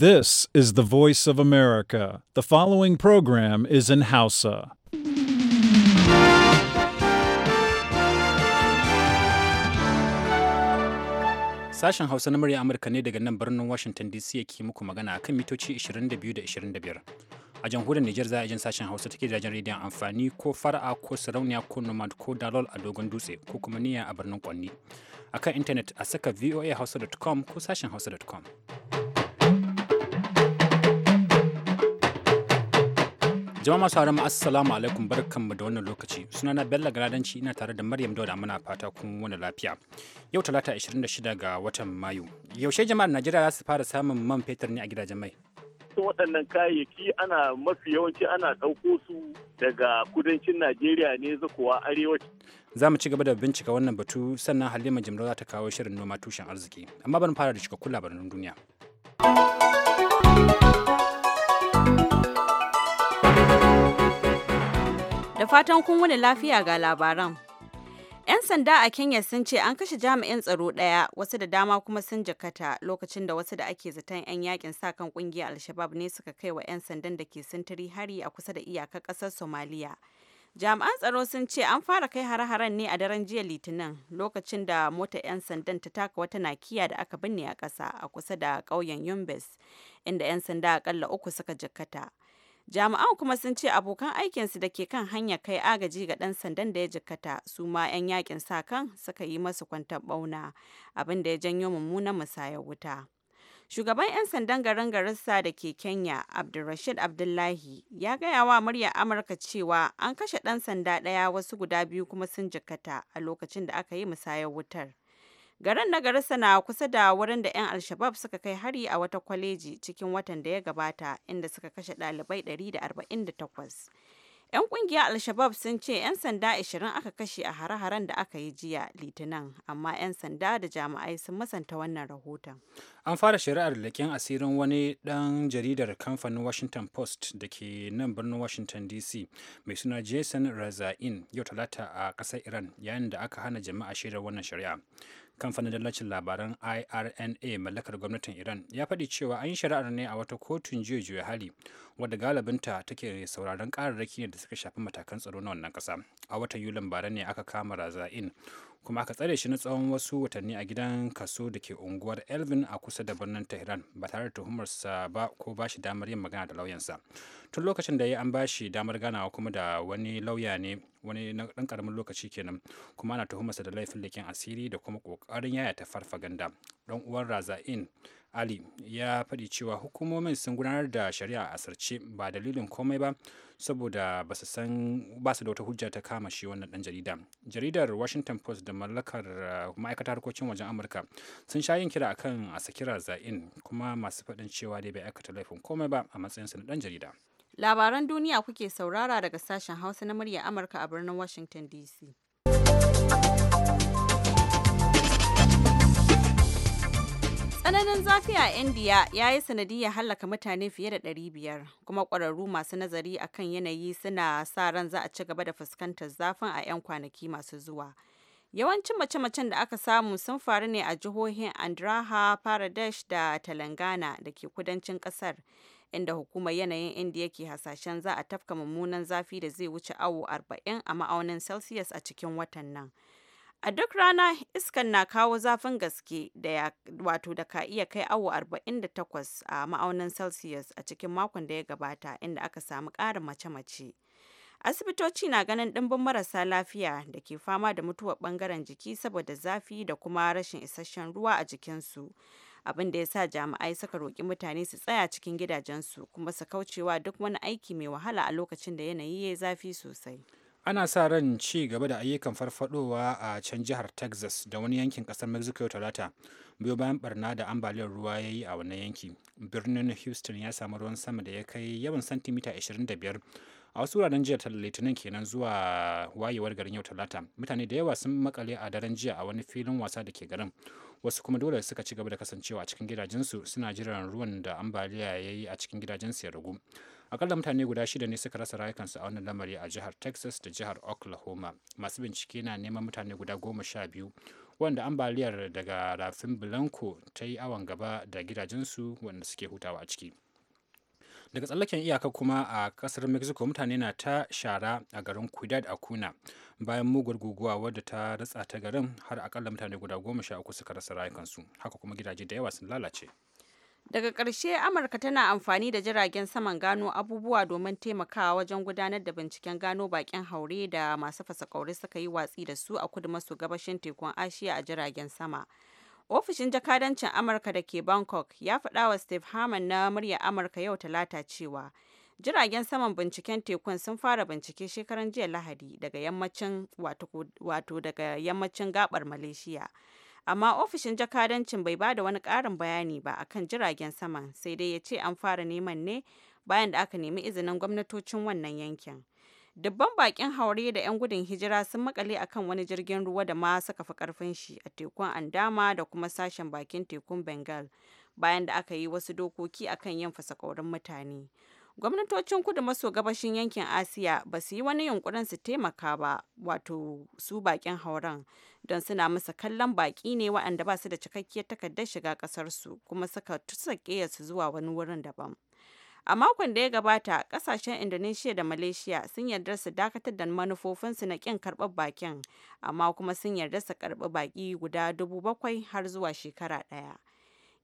This is the voice of America. The following program is in Hausa. Sashen Hausa na murya Amurka ne daga nan birnin Washington DC yake muku magana akan mitoci 22 da 25. A jamhuriyar Nijar za a jin sashen Hausa take da rediyon amfani ko fara'a ko sarauniya ko nomad ko dalol a dogon dutse ko kuma niyya a birnin Kwanni. Akan intanet a saka voahausa.com ko sashen hausa.com. Jama'a sauran assalamu alaikum mu da wannan lokaci. na Bello Galadanci ina tare da Maryam Dauda muna fata kun wani lafiya. Yau talata 26 ga watan Mayu. Yaushe jama'ar Najeriya za su fara samun man fetur ne a gidajen mai? To waɗannan kayayyaki ana mafi yawanci ana ɗauko su daga kudancin Najeriya ne zakuwa arewaci. Za mu ci gaba da bincika wannan batu sannan Halima Jimrau za ta kawo shirin noma tushen arziki. Amma ban fara da cikakkun labaran duniya. Da fatan kun wani lafiya ga labaran. 'Yan sanda a Kenya sun ce an kashe jami'in tsaro ɗaya wasu da dama kuma sun jakata lokacin da wasu da ake zaton 'yan yakin sa kan kungiyar Alshabab ne suka kai wa 'yan sandan da ke sintiri hari a kusa da iyakar ƙasar Somalia. Jami'an tsaro sun ce an fara kai hare-haren ne a daren jiya Litinin lokacin da mota 'yan sandan ta taka wata nakiya da aka binne a ƙasa a kusa da ƙauyen Yumbes inda 'yan sanda akalla uku suka jikata Jami'an kuma sun ce abokan aikinsu da ke kan hanya kai agaji ga ɗan sandan da ya jikkata su ma 'yan yakin sa kan suka yi masu kwantar ɓauna abin da ya janyo mummunan musayar wuta. Shugaban 'yan sandan garin Garissa da ke Kenya, Abdulrashid Abdullahi, ya gaya wa murya Amurka cewa an kashe ɗan sanda ɗaya wasu guda biyu kuma sun jikkata a lokacin da aka yi musayar wutar. Garin na garisa na kusa da wurin da 'yan Alshabab suka kai hari a wata kwaleji cikin watan da ya gabata inda suka kashe dalibai 148. 'Yan kungiyar Alshabab sun ce 'yan sanda 20 aka kashe a hare-haren da aka yi jiya Litinin, amma 'yan sanda da jami'ai sun masanta wannan rahoton. An fara shari'ar leƙen asirin wani ɗan jaridar kamfanin Washington Post da ke nan birnin Washington DC mai suna Jason Raza'in yau talata a ƙasar Iran yayin da aka hana jama'a shaidar wannan shari'a. kamfanin dallacin labaran irna mallakar gwamnatin iran ya faɗi cewa an yi shari'ar ne a wata kotun juya juya hali wadda galibinta take sauraron ƙararraki ne da suka shafi matakan tsaro na wannan ƙasa a watan yulin bara ne aka kama raza'in kuma aka tsare shi na tsawon wasu watanni a gidan kaso da ke unguwar elvin a kusa da birnin tehran ba tare da tuhumarsa ba ko ba shi damar yin magana da lauyansa tun lokacin da ya an ba shi damar ganawa kuma da wani lauya ne wani na ɗan ƙaramin lokaci kenan kuma ana tuhumarsa da laifin leƙen asiri da kuma ƙoƙarin yaya ta farfaganda dan uwan raza'in ali ya faɗi cewa hukumomin sun gudanar da shari'a a sarce ba dalilin komai ba saboda ba su da wata hujja ta kama shi wannan dan jarida jaridar washington post da mallakar uh, ma'aikatar harkokin wajen amurka sun sha yin kira akan a saki raza'in kuma masu faɗin cewa dai bai aikata laifin komai ba a matsayinsa na dan jarida labaran duniya kuke saurara daga sashen hausa na murya amurka a birnin washington dc Tsananin zafi a India ya yi sanadiyar hallaka mutane fiye da 500 kuma ƙwararru masu nazari a kan yanayi suna sa ran za a ci gaba da fuskantar zafin a 'yan kwanaki masu zuwa. Yawancin mace-macen da aka samu sun faru ne a jihohin Andhra Pradesh da Telangana da ke kudancin kasar inda hukumar yanayin India ke hasashen za a tafka mummunan zafi da zai wuce awo 40 a ma'aunin Celsius a cikin watan nan. A duk rana iskan na kawo zafin gaske da ya wato da ka iya kai awo 48 a ma'aunin Celsius a cikin makon da ya gabata inda aka samu ƙarin mace-mace. Asibitoci na ganin ɗimbin marasa lafiya da ke fama da mutuwar ɓangaren jiki saboda zafi da kuma rashin isasshen ruwa a jikinsu. Abin da ya sa jami'ai suka roƙi mutane su tsaya cikin gidajensu kuma su kaucewa duk wani aiki mai wahala a lokacin da yanayi ya zafi sosai. ana sa ran ci gaba da ayyukan farfadowa a can jihar texas da wani yankin kasar mexico talata biyo bayan barna da ambaliyar ruwa ya yi a wannan yanki birnin houston ya samu ruwan sama da ya kai yawan santimita 25 a wasu wuraren jiya litinin kenan zuwa wayewar garin yau talata mutane da yawa sun makale a daren jiya a wani filin wasa da ke garin wasu kuma dole suka ci gaba da kasancewa a cikin gidajensu suna jiran ruwan da ambaliya ya yi a cikin gidajensu ya ragu akalla mutane guda shida ne suka rasa rayukansu a wannan lamari a jihar texas da jihar oklahoma masu bincike na neman mutane guda goma sha biyu wanda ambaliyar daga rafin blanco ta yi awon gaba da gidajensu wanda suke hutawa a ciki daga tsallaken iyaka kuma a kasar mexico mutane na ta shara a garin cuidad kuna bayan muguwar guguwa wadda ta ratsa ta garin har akalla mutane guda goma sha uku suka rasa rayukansu haka kuma gidaje da yawa sun lalace daga ƙarshe amurka tana amfani da jiragen saman gano abubuwa domin taimakawa wajen gudanar da binciken gano bakin haure da masu fasakauri suka yi watsi da su a kudu maso gabashin tekun ashiya a jiragen sama ofishin jakadancin amurka da ke bangkok ya faɗa wa steve harman na murya amurka yau talata cewa jiragen saman binciken tekun sun fara bincike shekaran jiya lahadi daga yammacin wato daga yammacin gabar malaysia amma ofishin jakadancin bai ba da wani ƙarin bayani ba akan jiragen sama sai dai ya ce an fara neman ne bayan da aka nemi izinin gwamnatocin wannan yankin dubban bakin haure da 'yan gudun hijira sun makale akan wani jirgin ruwa da ma suka fi karfin shi a tekun andama da kuma sashen bakin tekun bengal bayan da aka yi wasu dokoki akan yin fasakaurin mutane gwamnatocin kudu maso gabashin yankin asiya ba su yi wani yunkurin su taimaka ba wato su bakin hauren don suna masa kallon baki ne waɗanda ba su da cikakkiyar takardar shiga ƙasarsu kuma suka tusake su zuwa wani wurin daban a makon da ya gabata kasashen indonesia da malaysia sun yarda su dakatar da manufofin su na kin karɓar bakin amma kuma sun yarda su karɓi baki guda dubu bakwai har zuwa shekara ɗaya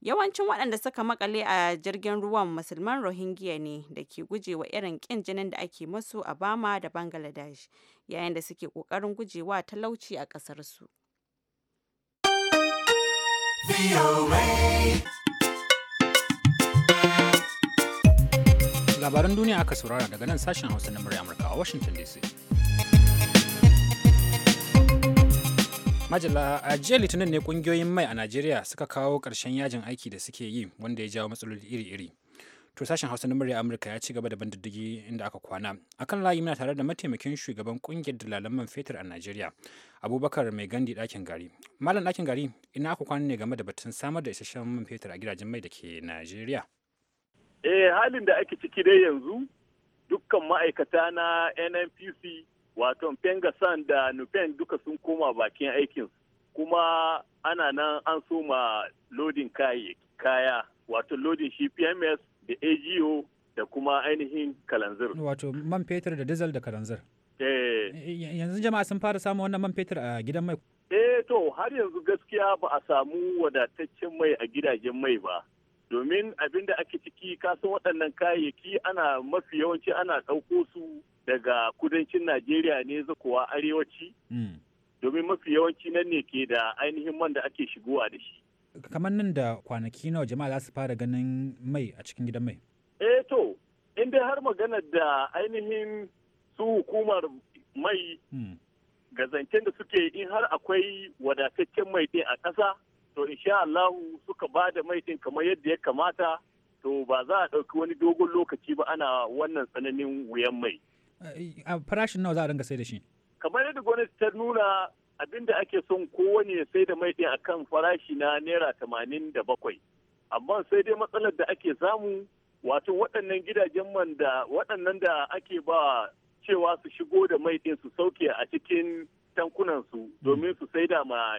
Yawancin waɗanda suka makale a jirgin ruwan musulman Rohingya ne da ke gujewa irin ƙin jinin da ake masu a Bama da Bangladesh yayin da suke ƙoƙarin gujewa talauci a ƙasarsu. Labaran duniya aka saurara daga nan sashen Hausa na murya Amurka a Washington DC. majala a jiya litinin ne kungiyoyin mai a najeriya suka kawo karshen yajin aiki da suke yi wanda ya jawo matsaloli iri-iri to sashen hausa na murya amurka ya ci gaba da ban diddigi inda aka kwana akan layi muna tare da mataimakin shugaban kungiyar dalalan man fetur a najeriya abubakar mai gandi dakin gari malam dakin gari ina aka kwana ne game da batun samar da isasshen man fetur a gidajen mai da ke najeriya eh halin da ake ciki dai yanzu dukkan ma'aikata na nnpc wato pengasan da nupen duka sun koma bakin aikin kuma ana nan an soma lodin kaya wato lodin shi pms da ago da kuma ainihin kalanzir wato man fetur da diesel da kalanzir eh. yanzu jama'a sun fara samun wannan man fetur a gidan mai eh to har yanzu gaskiya ba a samu wadataccen mai a gidajen mai ba domin abin da ake ciki kasan waɗannan kayayyaki ana mafi yawanci ana ɗauko su daga kudancin najeriya ne zakowa arewaci hmm. domin mafi yawanci nan ne ke da ainihin man da ake shigowa da shi kamar nan da kwanaki nawa jama'a za su fara ganin mai a cikin gidan mai eh to in dai har maganar da ainihin su hukumar mai hmm. ga zancen da suke in har akwai wadataccen mai ɗin a ƙasa to insha Allah suka ba da maitin kamar yadda ya kamata to ba za a ɗauki wani dogon lokaci ba ana wannan tsananin wuyan mai. A farashin nawa za a dinga sai da shi? Kamar yadda gwamnati ta nuna abinda ake son kowane ya sai da mai a kan farashi na naira tamanin da bakwai. Amma sai dai matsalar da ake samu wato waɗannan gidajen man da waɗannan da ake ba cewa su shigo da mai su sauke a cikin tankunansu mm. domin su sai da ma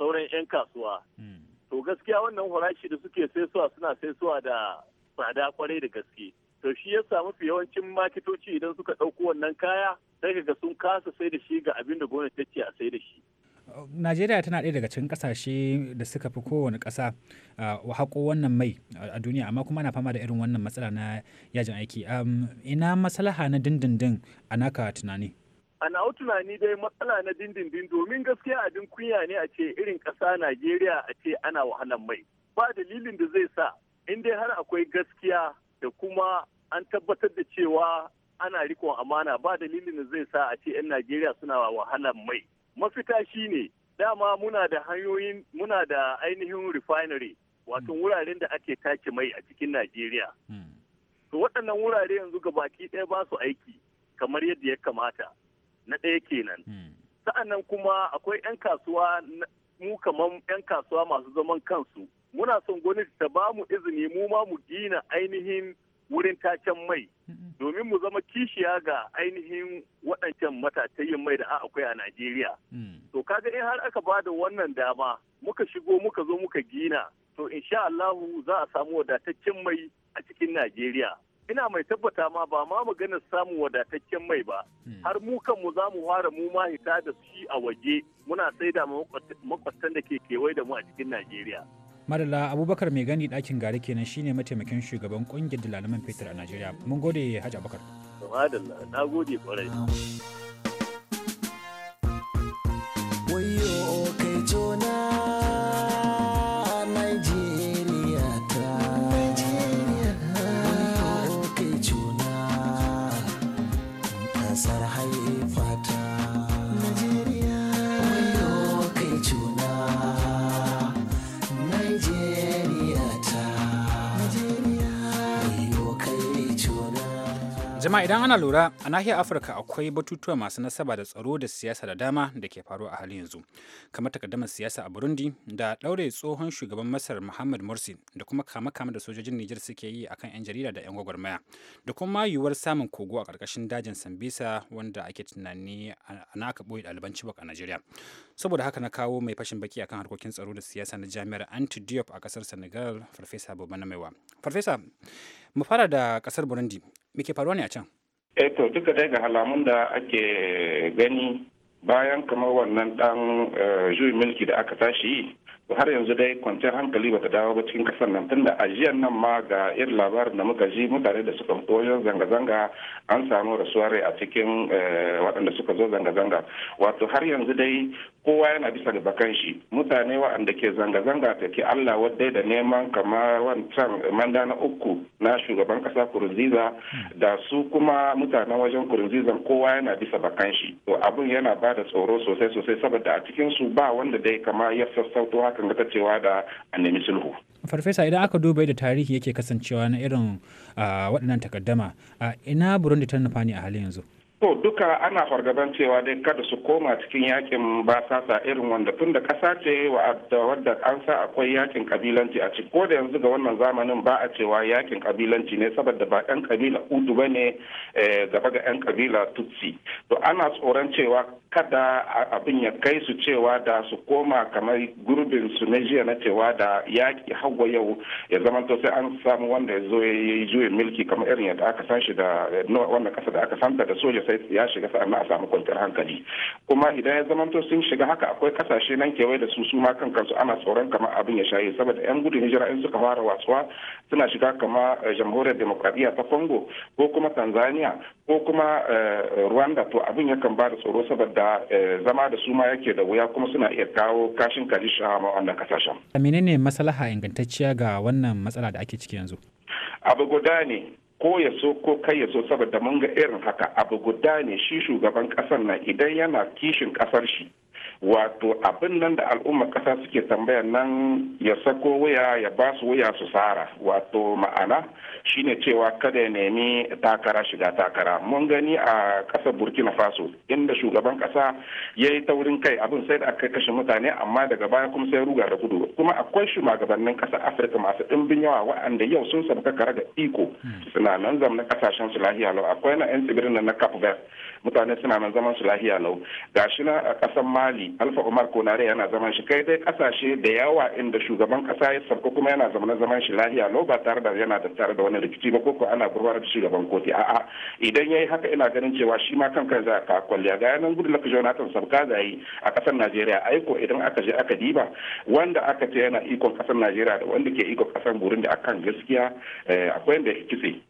sauran 'yan kasuwa. Hmm. To gaskiya wannan farashi da suke saisuwa suna saisuwa da tsada kwarai da gaske. To shi yasa mafi yawancin makitoci idan suka ɗauko wannan kaya sai ga sun kasa sai da shi ga abin da gwamnati ta ce a sai da shi. Najeriya tana ɗaya daga cikin ƙasashe da suka fi kowane ƙasa haƙo wannan mai a duniya amma kuma na fama da irin wannan matsala na yajin aiki. Ina maslaha na dindindin a naka tunani? Ana au tunani dai matsala na dindindin domin gaskiya abin kunya ne a ce irin ƙasa najeriya a ce ana wahalan mai ba dalilin da zai sa in dai har akwai gaskiya da kuma an tabbatar da cewa ana rikon amana ba dalilin da zai sa a ce 'yan najeriya suna wahalan mai mafita shi ne dama muna da hanyoyin muna da ainihin refinery wato hmm. wuraren da ake tace mai a cikin najeriya hmm. to waɗannan wurare yanzu ga baki ɗaya ba su aiki kamar yadda ya kamata na ɗaya kenan hmm. sa'annan kuma akwai 'yan kasuwa mu kamar 'yan kasuwa masu zaman kansu muna son gwamnati ta ba mu izini mu ma mu gina ainihin wurin tacen mai hmm. domin mu zama kishiya ga ainihin waɗancan matatayin mai da akwai a Najeriya. Hmm. To kaga in har aka ba da wannan dama muka shigo muka zo muka gina to insha Allahu za a samu wadataccen mai a cikin Najeriya. ina mai tabbata ma ba ma maganar samun wadataccen mai ba hmm. har mu kanmu za mu fara mu ma hita da shi a waje muna saida ma makwastan da ke kewaye da mu a cikin najeriya madalla abubakar mai gani ɗakin gari kenan shine mataimakin shugaban kungiyar dalalaman fetur a najeriya mun gode hajji abubakar madalla na gode kwarai jama idan ana lura a nahiyar Afirka akwai batutuwa masu nasaba da tsaro da siyasa da dama da ke faru a halin yanzu. Kamar takaddamar siyasa a Burundi da ɗaure tsohon shugaban Masar Muhammad Morsi da kuma kama-kama da sojojin Nijar suke yi akan 'yan jarida da 'yan gwagwarmaya. Da kuma yiwuwar samun kogo a ƙarƙashin dajin Sambisa wanda ake tunani na aka ɓoye ɗaliban cibok a Najeriya. Saboda haka na kawo mai fashin baki akan harkokin tsaro da siyasa na jami'ar Antidiop a ƙasar Senegal Farfesa Babana Maiwa. Farfesa, mu fara da ƙasar Burundi me ke faruwa ne a can eto eh duka dai ga halamun da ake gani bayan kamar wannan dan eh, juyin milki da aka tashi yi har yanzu dai kwanciyar hankali bata dawo ba cikin kasar nan tunda ajiyar nan ma ga irin labarin da muka ji mutane da suka fito wajen zanga-zanga an samu rasuwar a cikin eh, waɗanda suka zo zanga-zanga wato har yanzu dai kowa yana bisa da bakan shi mutane waɗanda ke zanga-zanga ta ke allah wadda da neman kama wancan manda na uku na shugaban kasa kurunziza da su kuma mutanen wajen kurunzizan kowa yana bisa bakan shi to abun yana ba da tsoro sosai sosai saboda a cikin su ba wanda dai kama ya sassauto hakan ga cewa da a nemi sulhu farfesa idan aka duba da tarihi yake kasancewa na irin ah, waɗannan takaddama ah, ina burundi ta nufa ne a halin yanzu To duka ana fargaban cewa dai kada su koma cikin yakin basasa irin wanda tun da kasa ce wadda an sa akwai yakin kabilanci a ciki ko da yanzu ga wannan zamanin ba a cewa yakin kabilanci ne saboda ba 'yan kabila udu ba eh, gaba ga 'yan kabila tutsi. To ana tsoron cewa kada abin ya kai su cewa da su koma kamar gurbin su na jiya na cewa da yaƙi hawa yau ya zama to sai an samu wanda ya zo ya yi juya milki kamar irin yadda aka san shi da wannan kasa da aka santa da soja sai ya shiga sa'annan a samu kwantar hankali kuma idan ya zama to sun shiga haka akwai kasashe nan kewaye da su su ma kan kansu ana tsoron kamar abin ya shaye saboda yan gudun hijira in suka fara wasuwa suna shiga kamar eh, jamhuriyar demokradiyya ta congo ko kuma tanzania ko kuma eh, rwanda to abin ya kan ba da tsoro saboda da eh, zama da su ma yake da wuya kuma suna iya kawo kashin kaji sha ma wannan kasashen. menene maslaha ingantacciya ga wannan matsala da ake ciki yanzu? abu guda ne ko ya so ko kai ya so saboda mun ga irin haka abu guda ne shi shugaban kasar na idan yana kishin kasar shi wato abin nan da al'umma kasa suke tambaya nan ya sako wuya ya ba su wuya su tsara wato ma'ana shine cewa kada ya nemi takara shiga takara mun gani a ƙasar burkina faso inda shugaban ƙasa ya yi taurin kai abin sai da aka kashe mutane amma daga baya kuma sai ruga da gudu kuma akwai shugabannin ƙasa afirka masu ɗimbin yawa waɗanda yau sun sabu kakara da iko hmm. suna nan zam na ƙasashen su lahiya lau akwai na 'yan tsibirin na cape mutane suna nan zaman su lahiya lau ga shi na a ƙasar mali alfa umar konare yana zaman shi kai dai kasashe da yawa inda shugaban kasa ya sarko kuma yana zaman zaman shi lahiya lau ba tare da yana da tare da wani rikici ba ko ko ana gurbar da shugaban kotu a'a idan yayi haka ina ganin cewa shi ma kan za ka kwalliya ga yanan gudu laka Jonathan Sabka yi a ƙasar Najeriya aiko idan aka je aka diba wanda aka ce yana ikon ƙasar Najeriya da wanda ke ikon ƙasar Burundi akan gaskiya eh, akwai da kitse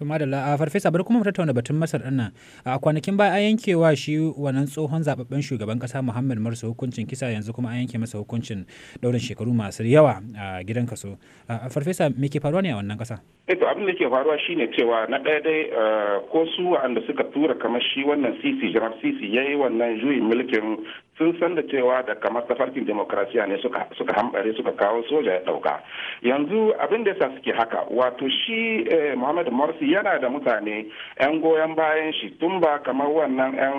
to madalla a farfesa bari kuma tattauna batun masar ɗin a kwanakin baya an yanke wa shi wannan tsohon zababben shugaban kasa muhammad marsa hukuncin kisa yanzu kuma an yanke masa hukuncin daurin shekaru masu yawa a gidan kaso a farfesa me ke faruwa ne a wannan kasa eh to abin da ke faruwa shine cewa na ɗaya dai eh, ko su wa'anda suka tura kamar shi wannan sisi jiran sisi ya yi wannan juyin mulkin sun san da cewa da kamar tafarkin demokrasiya ne suka hambare suka kawo soja ya dauka yanzu abin da sa suke haka wato shi eh, muhammad morsi yana da mutane yan goyon bayan shi tun ba kamar wannan yan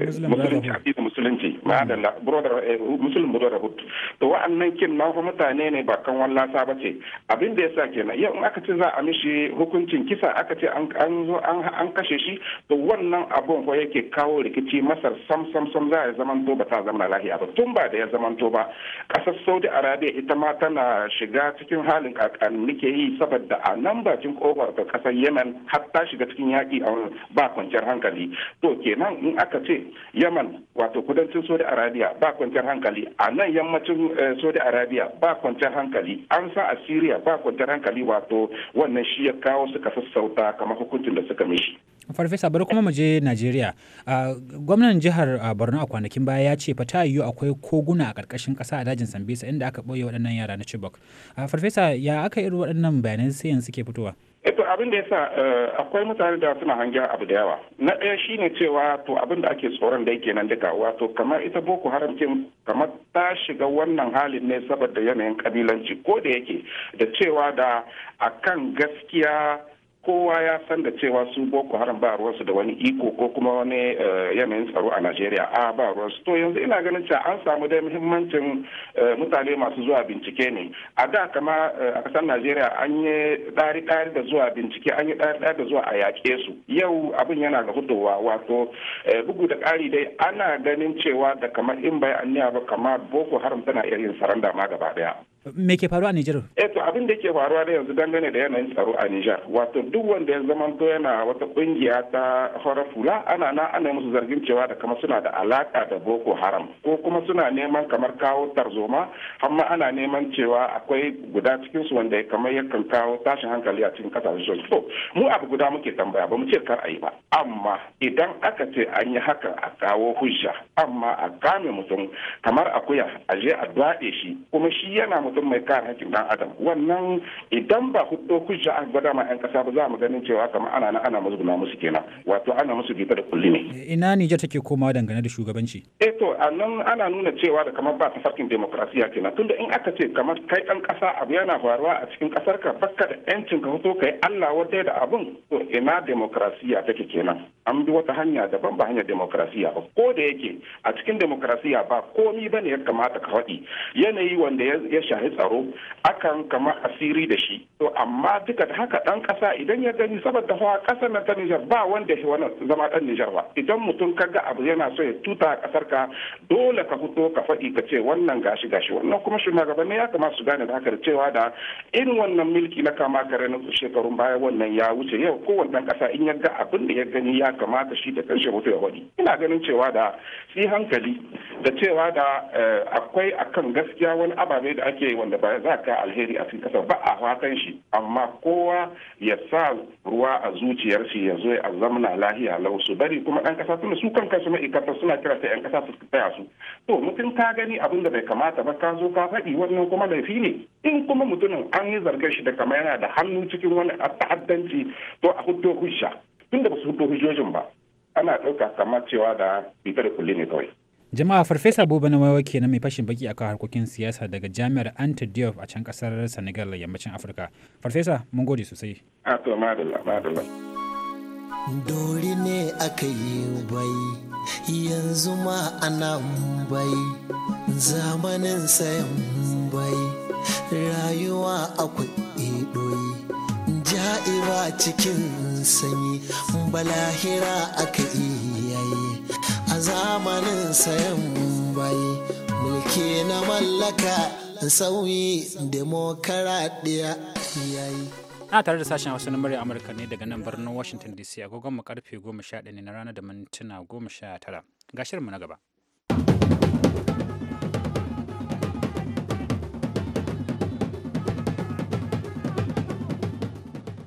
eh, musulunci musulun mm. eh, brotherhood to wa'annan kin na mutane ne ba kan lasa ba ce abin da yasa kenan yau in aka ce za a mishi hukuncin kisa aka ce an an kashe shi to wannan abun ko yake kawo rikici masar sam sam sam za ya zamanto ba ta zama lahiya ba tun ba da ya zamanto ba kasar saudi arabia ita ma tana shiga cikin halin kakan nike yi saboda a nan bakin kofar ta kasar yemen har shiga cikin yaƙi a ba kwanciyar hankali to kenan in aka ce yaman wato kudancin saudi arabia ba kwanciyar hankali a nan yammacin eh, saudi arabia ba kwanciyar hankali an sa a syria ba kwanciyar hankali wato wannan shi ya kawo suka sassauta kamar hukuncin da suka mishi farfesa bari kuma mu je najeriya gwamnan jihar borno a kwanakin baya ya ce fata yiwu akwai koguna a karkashin kasa a dajin sambisa inda aka boye waɗannan yara na chibok farfesa ya aka yi waɗannan bayanan sai yanzu suke fitowa eh, to abin da yasa eh, akwai mutane da suna hangen abu da yawa na ɗaya shine cewa to abin da ake tsoron da yake nan duka wato kamar ita boko haram kin kamar ta shiga wannan halin ne saboda yanayin kabilanci ko da yake da cewa da akan gaskiya kowa ya san da cewa su boko haram ba ruwansu da wani iko ko kuma wani eh, yanayin tsaro a najeriya a ba ruwansu to yanzu ina ganin cewa an samu dai muhimmancin eh, mutane masu zuwa bincike ne a da kama eh, a kasar najeriya an yi ɗari ɗari da zuwa bincike an yi ɗari ɗari da zuwa a yaƙe su yau abin yana ga hudowa wato bugu da ƙari dai ana ganin cewa da kamar in bai anniya ba kama boko haram tana iya yin saranda ma gaba ɗaya. me ke faruwa a Nijar? Eh to abin da ke faruwa da yanzu dangane da yanayin tsaro a Nijar wato duk wanda ya zama to yana wata kungiya ta horar fula ana na ana musu zargin cewa da kama suna da alaka da Boko Haram ko kuma suna neman kamar kawo tarzoma amma ana neman cewa akwai guda cikin su wanda kamar yakan kawo tashin hankali a cikin kasashen to mu abu guda muke tambaya ba mu ce kar a yi ba amma idan aka ce an yi haka a kawo hujja amma a kame mutum kamar akuya a je a daɗe shi kuma shi yana mutum mai kare hakkin dan adam wannan idan ba huddo hujja an gwada ma yan kasa ba za mu ganin cewa kamar ana na ana musguna musu kenan wato ana musu gita da kulli ne eh, ina Nijar take komawa dangane da shugabanci eh to nan ana nuna cewa da kamar ba farkin demokrasiya kenan tunda in aka ce kamar kai ɗan kasa abu yana faruwa a cikin kasar ka fakka da yancin ka fito kai Allah wadai da abun to ina demokrasiya take kenan an bi wata hanya daban ba hanyar demokrasiya ba ko da yake a cikin demokrasiya ba komi bane ya kamata ka faɗi yanayi wanda ya shahi yi tsaro akan kama asiri da shi to amma duka da haka dan kasa idan ya gani saboda hawa kasar nan ta Nijar ba wanda shi wannan zama dan Nijar ba idan mutum kaga abu yana so ya tuta kasar ka dole ka fito ka faɗi ka ce wannan gashi gashi wannan kuma shugabanni ya kamata su gane da haka da cewa da irin wannan mulki na kama kare na shekarun baya wannan ya wuce yau wannan kasa in ya ga abin da ya gani ya kamata shi da kanshi mutu ya faɗi ina ganin cewa da shi hankali da cewa da eh, akwai akan gaskiya wani ababe da ake wanda ba za ka alheri a cikin kasar ba a fatan shi amma kowa ya sa ruwa a zuciyar shi ya zo ya zamana lahiya lau su bari kuma ɗan kasa suna su kan kansu ma'aikata suna kira ta yan kasa su taya su to mutum ka gani abin da bai kamata ba ka zo ka faɗi wannan kuma laifi ne in kuma mutumin an yi zargar shi da kama yana da hannu cikin wani ta'addanci to a hudo hujja tunda ba su hudo hujjojin ba ana ɗauka kamar cewa da fitar kulli ne kawai Jama'a Farfesa Boba na ke kenan mai fashin baki akan harkokin siyasa daga Jami'ar Anta Diop a can kasar Senegal yammacin Afirka. Farfesa, mun gode sosai. A Dori ne aka yi bai, yanzu ma ana bai, zamanin sayan bai, rayuwa akwai doyi ja'iba cikin sanyi, balahira aka yi yayi. a zamanin sayan bai mulki na mallaka sauyi demokaradiyya yayi na tare da sashen hausa na murya amurka ne daga nan birnin washington dc agogon mu karfe 11 na rana da mintuna 19 ga shirinmu na gaba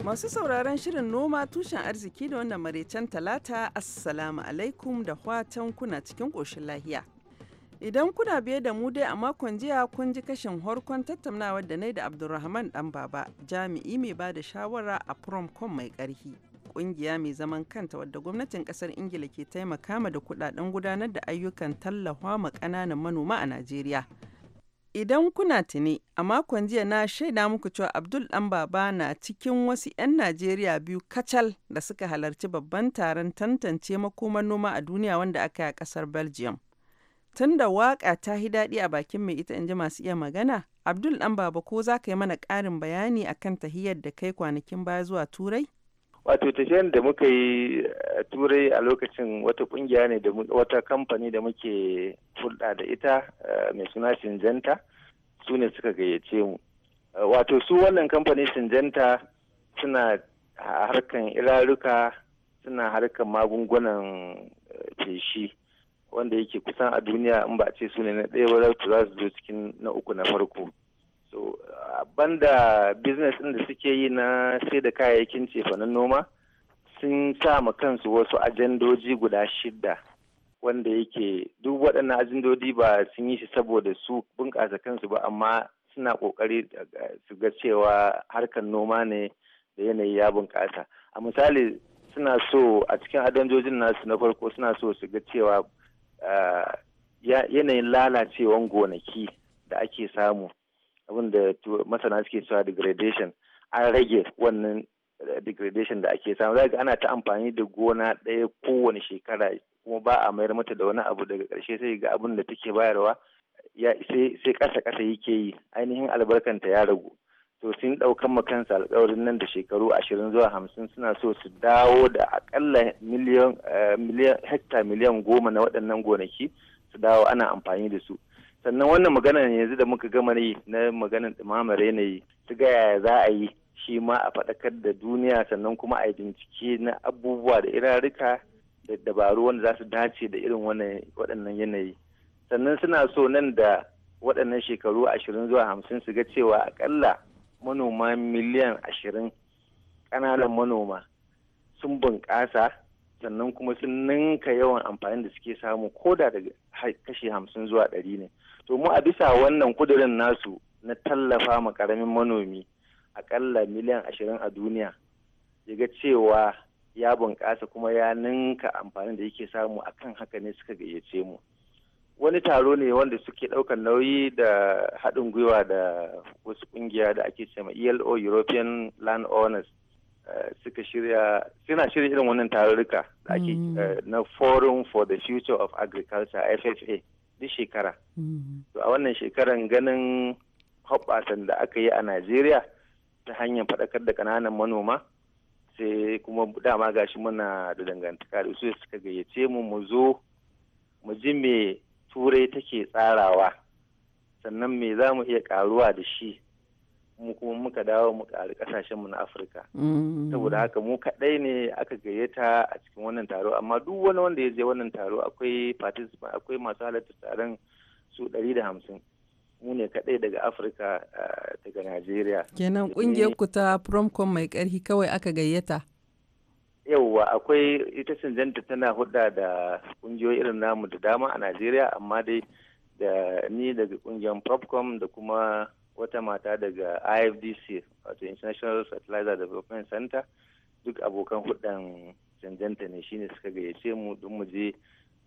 Masu sauraron shirin noma tushen arziki da wannan maraicen talata assalamu alaikum da watan kuna cikin ƙoshin lahiya. Idan kuna biye da mu dai a makon jiya kun ji kashin horkon tattaunawar da nai da Abdulrahman dan baba jami'i mai ba da shawara a Promcom mai ƙarfi. Ƙungiya mai zaman kanta wadda gwamnatin ƙasar Ingila ke taimaka ma da kudaden gudanar da ayyukan tallafa ma ƙananan manoma a Najeriya. Idan kuna tuni,.. a makon jiya na shaida muku cewa Abdul ɗan baba na cikin wasu 'yan Najeriya biyu kacal da suka halarci babban taron tantance makomar noma a duniya wanda aka yi a ƙasar Belgium. tun da waƙa ta hi daɗi a bakin mai ita inji masu iya magana, Abdul ɗan baba ko za ka yi mana ƙarin bayani akan tahiyar da kai kwanakin baya zuwa Turai? wato tafiyan da muka yi turai a lokacin wata kungiya ne da wata kamfani da muke hulɗa da ita eh, mai suna sinjanta su ne suka gayyace mu eh, wato su wannan kamfani sinjanta suna harkan iraruka suna harkan magungunan eh, feshi wanda yake kusan a duniya in ba a ce su ne na ɗaya ba za su zo cikin na uku na farko so uh, banda business ɗin da suke yi na sai da kayayyakin cefanen noma sun sa ma kansu wasu ajandoji guda shidda wanda yake duk waɗannan ajandoji ba sun yi shi saboda su bunƙasa kansu ba amma suna ƙoƙari uh, su ga cewa harkar noma ne da yanayi ya bunƙasa a misali suna so a cikin ajandojin nasu na farko suna so su ga cewa uh, yanayin lalacewan gonaki da ake samu abin masana suke cewa degradation an rage wannan eh, degradation da ake samu zaka ana ta amfani da gona ɗaya kowane shekara kuma ba a mayar mata da wani abu daga ƙarshe sai ga abin da take bayarwa ya sai sai ƙasa ƙasa yake yi ainihin albarkanta ya ragu to sun ɗaukan ma kansu alƙawarin nan da shekaru ashirin zuwa hamsin suna so su dawo da aƙalla miliyan eh, hekta miliyan goma na waɗannan gonaki su dawo ana amfani da su sannan wannan maganar yanzu da muka gama yi na maganar ɗumamar yanayi su ga yaya za a yi shi ma a faɗakar da duniya sannan kuma a yi bincike na abubuwa da irarika da dabaru wanda za su dace da irin waɗannan yanayi sannan suna so nan da waɗannan shekaru ashirin zuwa hamsin su ga cewa akalla manoma miliyan ashirin ƙananan manoma sun bunƙasa sannan kuma sun ninka yawan amfani da suke samu ko da daga kashi hamsin zuwa ɗari ne to mu a bisa wannan kudirin nasu na tallafa ma karamin manomi aƙalla miliyan ashirin a duniya ya ga cewa ya bunƙasa kuma ya ninka amfanin da yake samu akan haka ne suka gayyace mu wani taro ne wanda suke ɗaukar nauyi da haɗin gwiwa da wasu ƙungiya da ake ma elo european land owners Eh, suka shirya suna shirya irin wannan tarurruka da ake mm. eh, na forum for the future of agriculture ffa duk shekara mm. to a wannan shekaran ganin hoɓɓasan da aka yi a najeriya ta hanyar faɗakar da ƙananan manoma sai kuma dama gashi muna da dangantaka da su suka gayyace mu mu zo mu ji me turai take tsarawa sannan me za mu iya karuwa da shi mu kuma muka dawo mu ƙari ƙasashenmu na afirka mm. saboda haka mu kaɗai ne aka gayyata a cikin wannan taro amma duk wani wanda ya je wannan taro akwai participant akwai masu halartar taron su ɗari da hamsin mu ne kaɗai daga afirka daga najeriya kenan ƙungiyar ku ta promcom mai ƙarfi kawai aka gayyata yauwa akwai ita canjanta tana hudda da ƙungiyoyi irin namu da dama a najeriya amma dai da ni daga ƙungiyar promcom da kuma wata mata daga IFDC wato International Fertilizer Development Center duk abokan hudan canjanta ne shine suka gayyace mu don mu je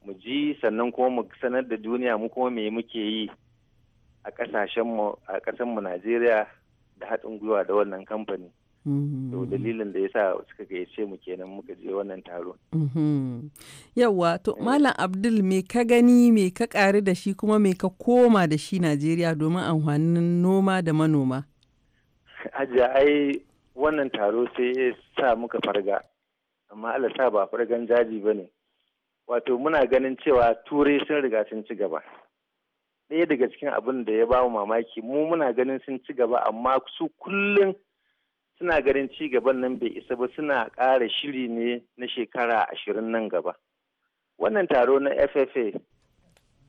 mu ji sannan kuma mu sanar da duniya mu kuma me muke yi a kasashen mu a kasan mu Najeriya da haɗin gwiwa da wannan kamfani to mm-hmm. dalilin da ya sa suka gayyace mu kenan muka je wannan taron mm-hmm. yawa to eh. malam abdul me ka gani me ka ƙari da shi kuma me ka koma da shi najeriya domin amfanin noma da manoma ajiya ai wannan taro sai ya sa muka farga amma Allah sa ba fargan jaji ba ne wato muna ganin cewa turai sun riga sun ci gaba ɗaya daga cikin abin da ya bamu mamaki mu muna ganin sun ci gaba amma su kullum suna ganin ci gaban nan bai isa ba suna kara shiri ne na shekara ashirin nan gaba wannan taro na ffa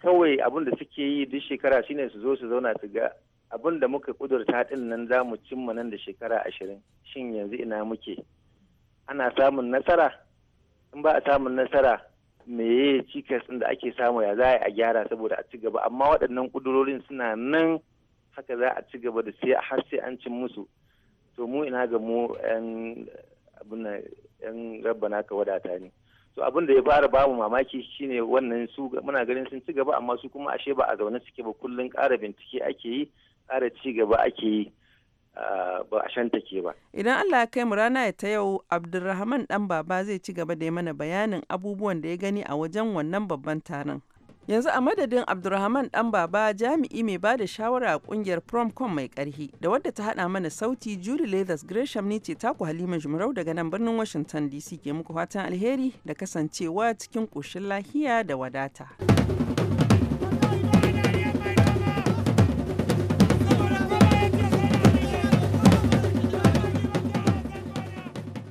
kawai abin da suke yi duk shekara shine su zo su zauna su ga abin da muka kudurta din nan za mu cimma nan da shekara ashirin shin yanzu ina muke ana samun nasara in ba a samun nasara meye cikas da ake samu ya za a gyara saboda a ci gaba amma waɗannan kudurorin suna nan haka za a ci gaba da sai har sai an cin musu to mu ina ga mu yan abin yan rabba naka wadata ne to abin da ya fara babu mamaki shine wannan su muna ganin sun ci gaba amma su kuma ashe ba a zaune suke ba kullun ƙara bincike ake yi ƙara ci gaba ake yi ba a shanta ke ba. Idan Allah ya kai mu rana ya ta yau Abdulrahman dan baba zai ci gaba da mana bayanin abubuwan da ya gani a wajen wannan babban taron. yanzu a madadin abdulrahman dan baba jami'i mai ba da shawara a kungiyar promcom mai karhi da wadda ta hada mana sauti julie leathers gresham ne ce taku halima jumrau daga nan birnin washington dc ke muku fatan alheri da kasancewa cikin koshin lahiya da wadata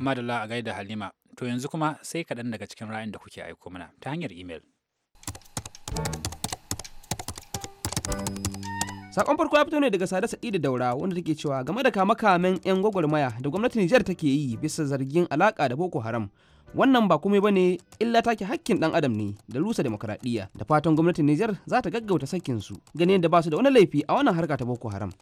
madalla a gaida halima to yanzu kuma sai kaɗan daga cikin ra'ayin da kuke aiko mana ta hanyar imel Sakon farko ya fito ne daga Sada Sa'idu Daura wanda take cewa game da kamakamen 'yan gwagwarmaya da gwamnatin Nijar take yi bisa zargin alaka da Boko Haram. Wannan ba komai bane illa take hakkin dan adam ne da rusa demokradiyya da fatan gwamnatin Nijar za ta gaggauta sakin su ganin da ba su da wani laifi a wannan harka ta Boko Haram.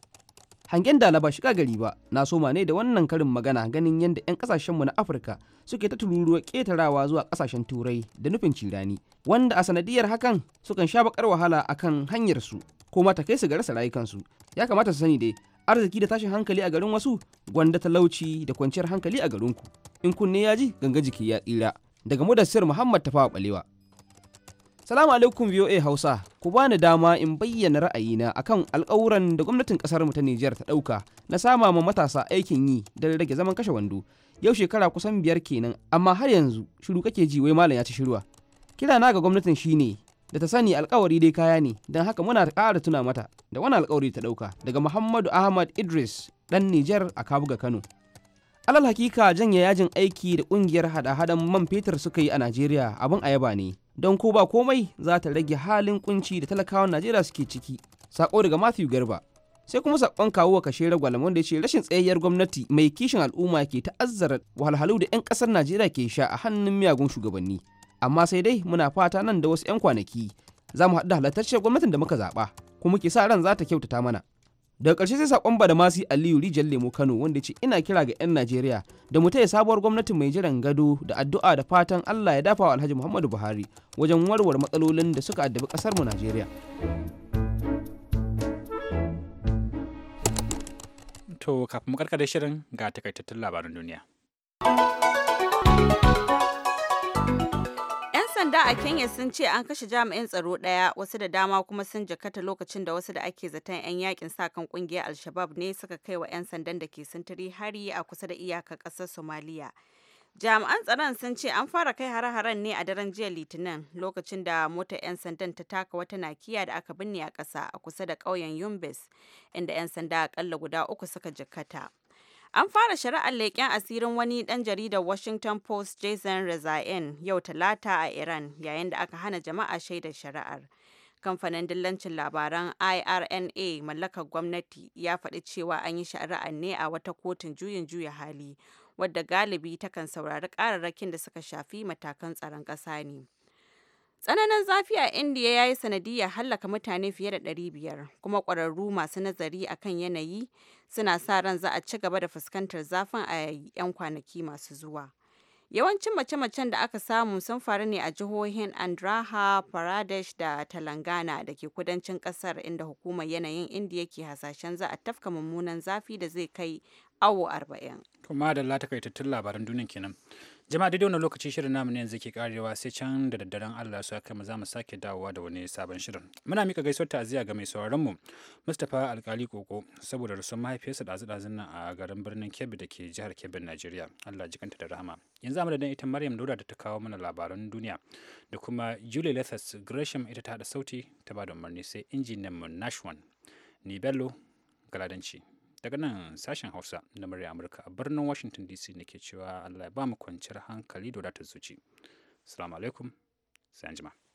hangen da na ba shiga gari ba na soma ne da wannan karin magana ganin yadda 'yan kasashenmu na afirka suke ta tururuwa ketarawa zuwa kasashen turai da nufin cirani wanda a sanadiyar hakan sukan sha bakar wahala a kan hanyarsu ko mata ta kai su ga rasa rayukansu ya kamata su sani dai arziki da tashin hankali a garin wasu gwanda talauci da kwanciyar hankali a garinku in kunne ya ji ganga jiki ya tsira daga mudassir muhammad tafawa balewa Salamu alaikum VOA Hausa, ku bani dama in bayyana ra'ayina kan alƙawuran da gwamnatin ƙasar mu ta Nijar ta ɗauka na sama ma matasa aikin yi da rage zaman kashe wando. Yau shekara kusan biyar kenan, amma har yanzu shiru kake ji wai malam ya ci shiruwa. Kira na ga gwamnatin shine da ta sani alƙawari dai kaya ne, don haka muna ƙara tuna mata da wani alƙawari ta ɗauka daga Muhammadu Ahmad Idris ɗan Nijar a Kabuga Kano. Alal hakika janye yajin aiki da ƙungiyar hada-hadan man fetur suka yi a Najeriya abin ayaba ne. don ko ba komai za ta rage halin kunci da talakawan najeriya suke ciki sako daga matthew garba sai kuma sakon kawo wa kashe ragwalam wanda ya ce rashin tsayayyar gwamnati mai kishin al'umma ke ta'azzara wahalhalu da 'yan kasar najeriya ke sha a hannun miyagun shugabanni amma sai dai muna fata nan da wasu 'yan kwanaki za mu haɗu da halartacciyar gwamnatin da muka zaɓa kuma ke sa ran za ta kyautata mana daga ƙarshe sai da badamasi aliyu rijiyar lemu kano wanda ce ina kira ga 'yan najeriya da mu taya sabuwar gwamnatin mai jiran gado da addu'a da fatan allah ya dafa wa alhaji muhammadu buhari wajen warware matsalolin da suka addabi ƙasar mu najeriya to kafin mu da shirin ga takaitattun labaran duniya sanda a Kenya sun ce an kashe jami'in tsaro ɗaya wasu da dama kuma sun jakata lokacin da wasu da ake zaton 'yan yakin sa kan kungiyar alshabab ne suka kai wa 'yan sandan da ke sintiri hari a kusa da iyakar kasar Somalia. Jami'an tsaron sun ce an fara kai hare-haren ne a daren jiya Litinin lokacin da motar 'yan sandan ta taka wata nakiya da aka binne a kasa a kusa da ƙauyen Yumbes inda 'yan sanda akalla guda uku suka jakata. An fara shari'ar leƙen asirin wani ɗan jaridar Washington Post Jason rezaen yau Talata a Iran yayin da aka hana jama'a shaidar shari'ar. Kamfanin dillancin labaran IRNA mallakar gwamnati ya faɗi cewa an yi shari'ar ne a wata kotun juyin juya hali wadda galibi takan saurari ƙararrakin da suka shafi matakan tsaron ƙasa ne. Tsananin zafi a Indiya ya yi sanadiyar hallaka mutane fiye da 500 kuma ƙwararru masu nazari akan yanayi suna sa ran za a ci gaba da fuskantar zafin a 'yan kwanaki masu zuwa. Yawancin mace-macen da aka samu sun faru ne a jihohin Andraha, Pradesh da talangana da ke kudancin kasar inda hukumar yanayin Indiya ke hasashen za a tafka mummunan zafi da zai kai awo 40. Kuma da latakaitattun labaran duniya kenan. Jama'a daidai wannan lokaci shirin namu yanzu ke karewa sai can da daddaren Allah su kai mu za mu sake dawowa da wani sabon shirin. Muna mika gaisuwar ta'aziyya ga mai sauraron mu Mustapha Alkali Koko saboda rusun mahaifiyarsa da azudazun na a garin birnin Kebbi da ke jihar Kebbi Najeriya. Allah kanta da rahama. Yanzu amma da ita Maryam Dauda da ta kawo mana labaran duniya da kuma Julie lethers Gresham ita ta hada sauti ta ba da umarni sai injiniyan mu Nashwan. Ni Bello Galadanci. daga nan sashen hausa na murya amurka a birnin washington dc ke cewa allah ya ba mu kwanciyar hankali da wadatar zuci salamu alaikum sai anjima